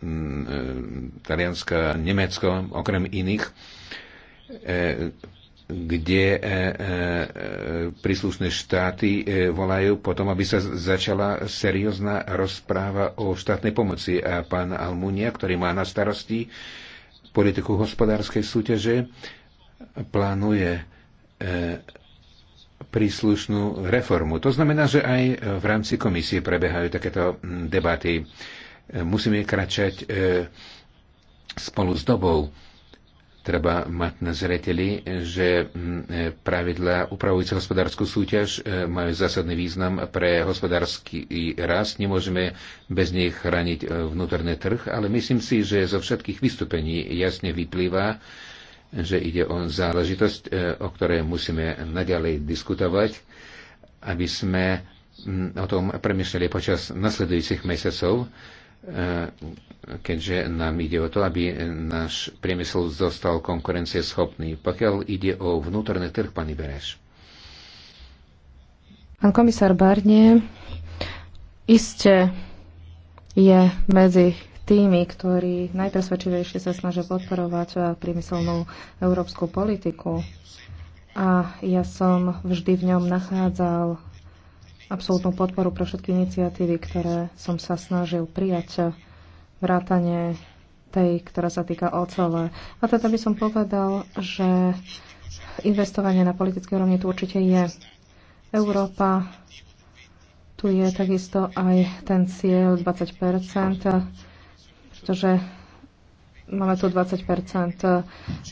A: mm, Talianska, Nemecko, okrem iných, kde príslušné štáty volajú potom, aby sa začala seriózna rozpráva o štátnej pomoci. A pán Almunia, ktorý má na starosti politiku hospodárskej súťaže, plánuje príslušnú reformu. To znamená, že aj v rámci komisie prebehajú takéto mm, debaty. E, musíme kračať e, spolu s dobou. Treba mať na zreteli, že mm, e, pravidla upravujúce hospodárskú súťaž majú zásadný význam pre hospodársky rast. Nemôžeme bez nich chrániť vnútorný trh, ale myslím si, že zo všetkých vystúpení jasne vyplýva, že ide o záležitosť, e, o ktorej musíme naďalej diskutovať, aby sme o tom premyšľali počas nasledujúcich mesiacov, e, keďže nám ide o to, aby náš priemysel zostal konkurencieschopný. Pokiaľ ide o vnútorný trh, pani Bereš.
B: Pán komisár Barnie, iste je medzi tými, ktorí najpresvedčivejšie sa snažia podporovať eh, priemyselnú európsku politiku. A ja som vždy v ňom nachádzal absolútnu podporu pre všetky iniciatívy, ktoré som sa snažil prijať eh, vrátane tej, ktorá sa týka ocele. A teda by som povedal, že investovanie na politické úrovni tu určite je. Európa, tu je takisto aj ten cieľ 20 pretože máme tu 20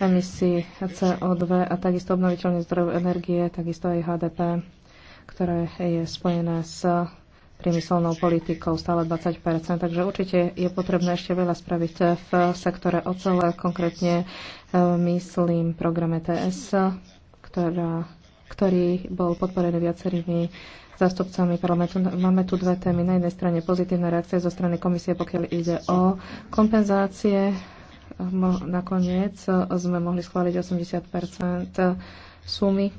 B: emisí CO2 a takisto obnoviteľný zdrojov energie, takisto aj HDP, ktoré je spojené s priemyselnou politikou stále 20 takže určite je potrebné ešte veľa spraviť v sektore ocele, konkrétne e, myslím programe TS, ktorá ktorý bol podporený viacerými zástupcami parlamentu. Máme tu dve témy. Na jednej strane pozitívna reakcia zo strany komisie, pokiaľ ide o kompenzácie. Nakoniec sme mohli schváliť 80 sumy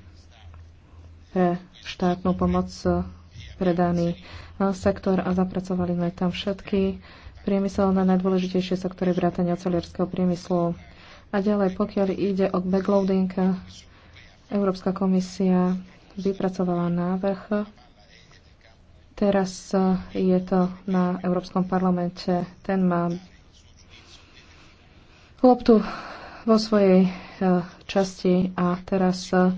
B: pre štátnu pomoc predaný sektor a zapracovali sme tam všetky priemyselné najdôležitejšie sektory vrátania oceliarského priemyslu. A ďalej, pokiaľ ide o backloading, Európska komisia vypracovala návrh. Teraz e, je to na Európskom parlamente. Ten má loptu vo svojej e, časti a teraz e,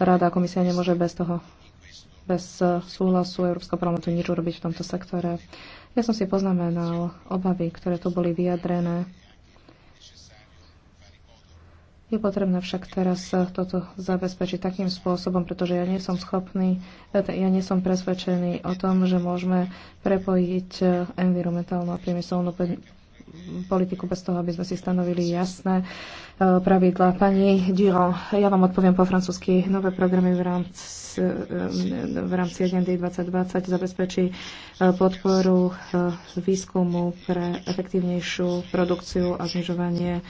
B: Rada a komisia nemôže bez toho, bez súhlasu Európskeho parlamentu nič urobiť v tomto sektore. Ja som si poznamenal obavy, ktoré tu boli vyjadrené je potrebné však teraz toto zabezpečiť takým spôsobom, pretože ja nie som schopný, e, ja nie som presvedčený o tom, že môžeme prepojiť e, environmentálnu a priemyselnú politiku bez toho, aby sme si stanovili jasné e, pravidlá. Pani Durand, ja vám odpoviem po francúzsky. Nové programy v rámci, v rámci agendy 2020 zabezpečí podporu výskumu pre efektívnejšiu produkciu a znižovanie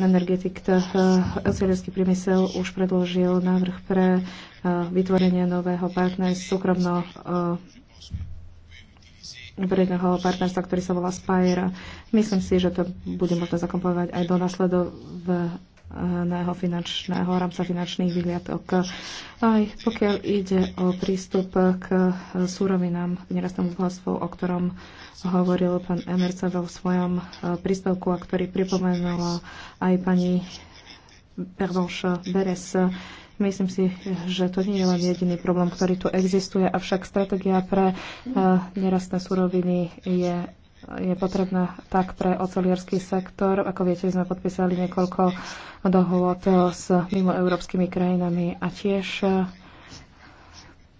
B: energetik, tak eh, priemysel už predložil návrh pre eh, vytvorenie nového partnerstva súkromno eh, verejného partnerstva, ktorý sa volá Spire. Myslím si, že to bude možno zakompovať aj do nasledov finančného rámca finančných vyhliadok. Aj pokiaľ ide o prístup k súrovinám, nerastnému bohatstvu, o ktorom hovoril pán Emerca vo svojom e, príspevku a ktorý pripomenula aj pani Pervenche Beres, Myslím si, že to nie je len jediný problém, ktorý tu existuje, avšak stratégia pre e, nerastné suroviny je je potrebná tak pre oceliarský sektor. Ako viete, sme podpísali niekoľko dohôd s mimoeurópskymi krajinami a tiež eh,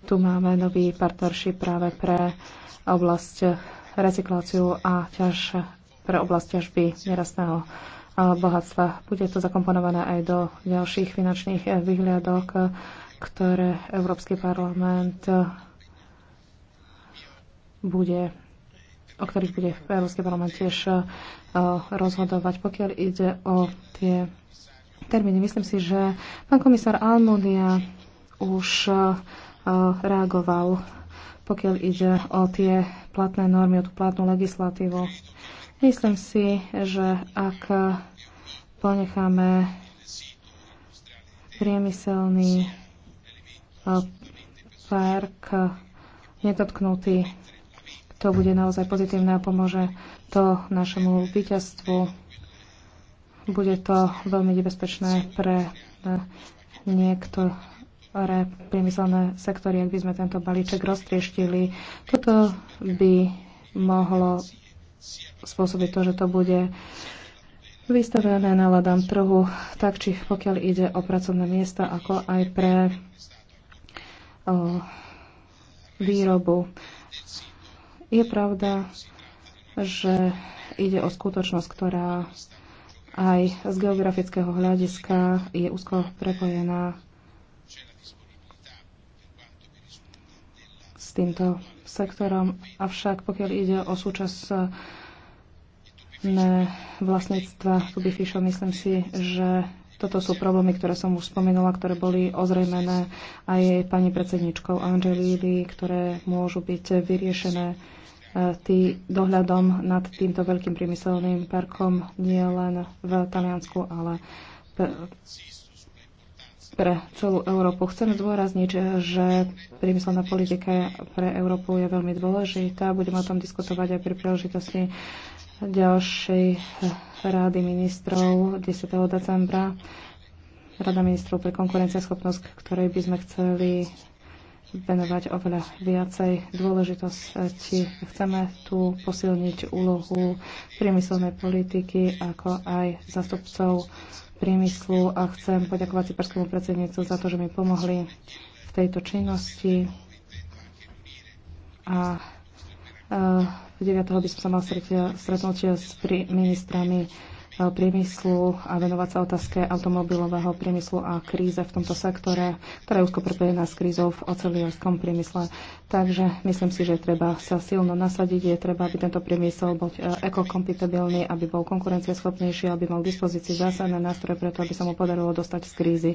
B: tu máme nový partnership práve pre oblasť recykláciu a ťaž pre oblasť ťažby nerastného eh, bohatstva. Bude to zakomponované aj do ďalších finančných eh, vyhliadok, ktoré Európsky parlament bude o ktorých bude v Európsky parlament tiež e, rozhodovať, pokiaľ ide o tie termíny. Myslím si, že pán komisár Almunia už e, reagoval, pokiaľ ide o tie platné normy, o tú platnú legislatívu. Myslím si, že ak ponecháme priemyselný e, park nedotknutý to bude naozaj pozitívne a pomôže to našemu víťazstvu. Bude to veľmi nebezpečné pre eh, niektoré priemyselné sektory, ak by sme tento balíček roztrieštili. Toto by mohlo spôsobiť to, že to bude vystavené na ladám trhu, tak či pokiaľ ide o pracovné miesta, ako aj pre o, eh, výrobu. Je pravda, že ide o skutočnosť, ktorá aj z geografického hľadiska je úzko prepojená s týmto sektorom. Avšak pokiaľ ide o súčasť vlastníctva Tubifišov, myslím si, že toto sú problémy, ktoré som už spomenula, ktoré boli ozrejmené aj pani predsedničkou Angelídy, ktoré môžu byť vyriešené e, tý, dohľadom nad týmto veľkým priemyselným parkom nie len v Taliansku, ale pre celú Európu. Chcem zdôrazniť, že priemyselná politika pre Európu je veľmi dôležitá. Budeme o tom diskutovať aj pri príležitosti ďalšej Rady ministrov 10. decembra. Rada ministrov pre konkurenciaschopnosť, ktorej by sme chceli venovať oveľa viacej dôležitosti. Chceme tu posilniť úlohu priemyselnej politiky, ako aj zastupcov priemyslu a chcem poďakovať cyperskému predsedníctvu za to, že mi pomohli v tejto činnosti a e, 9. by som sa mal stretnúť s pri ministrami e, priemyslu a venovať sa otázke automobilového priemyslu a kríze v tomto sektore, ktorá je úzko prepojená s krízou v oceliarskom priemysle. Takže myslím si, že treba sa silno nasadiť, je treba, aby tento priemysel bol e, ekokompatibilný, aby bol konkurencieschopnejší, aby mal k dispozícii zásadné nástroje preto, aby sa mu podarilo dostať z krízy.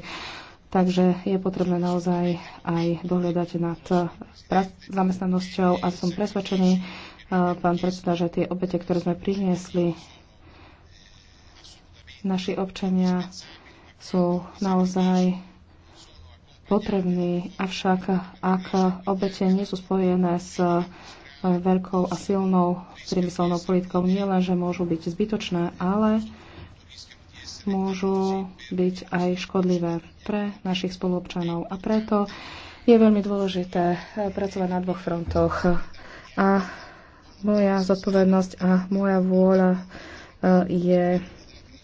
B: Takže je potrebné naozaj aj dohľadať nad e, zamestnanosťou a som presvedčený, pán predseda, že tie obete, ktoré sme priniesli, naši občania sú naozaj potrební, avšak ak obete nie sú spojené s e, veľkou a silnou priemyselnou politikou, len že môžu byť zbytočné, ale môžu byť aj škodlivé pre našich spoluobčanov. A preto je veľmi dôležité e, pracovať na dvoch frontoch. A moja zodpovednosť a moja vôľa e, je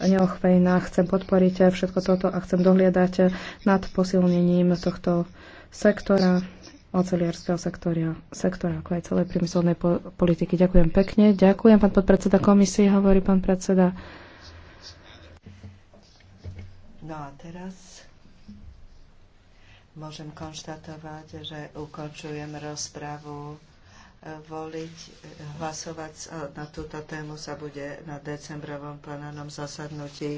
B: neochvejná. Chcem podporiť všetko toto a chcem dohliadať nad posilnením tohto sektora, oceliarského sektora, sektora, ako aj celej priemyselnej politiky. Ďakujem pekne. Ďakujem, pán podpredseda komisie, hovorí pán predseda.
C: No a teraz môžem konštatovať, že ukončujem rozpravu voliť, hlasovať na túto tému sa bude na decembrovom plenárnom zasadnutí.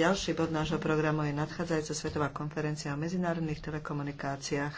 C: Ďalší bod nášho programu je nadchádzajúca Svetová konferencia o medzinárodných telekomunikáciách.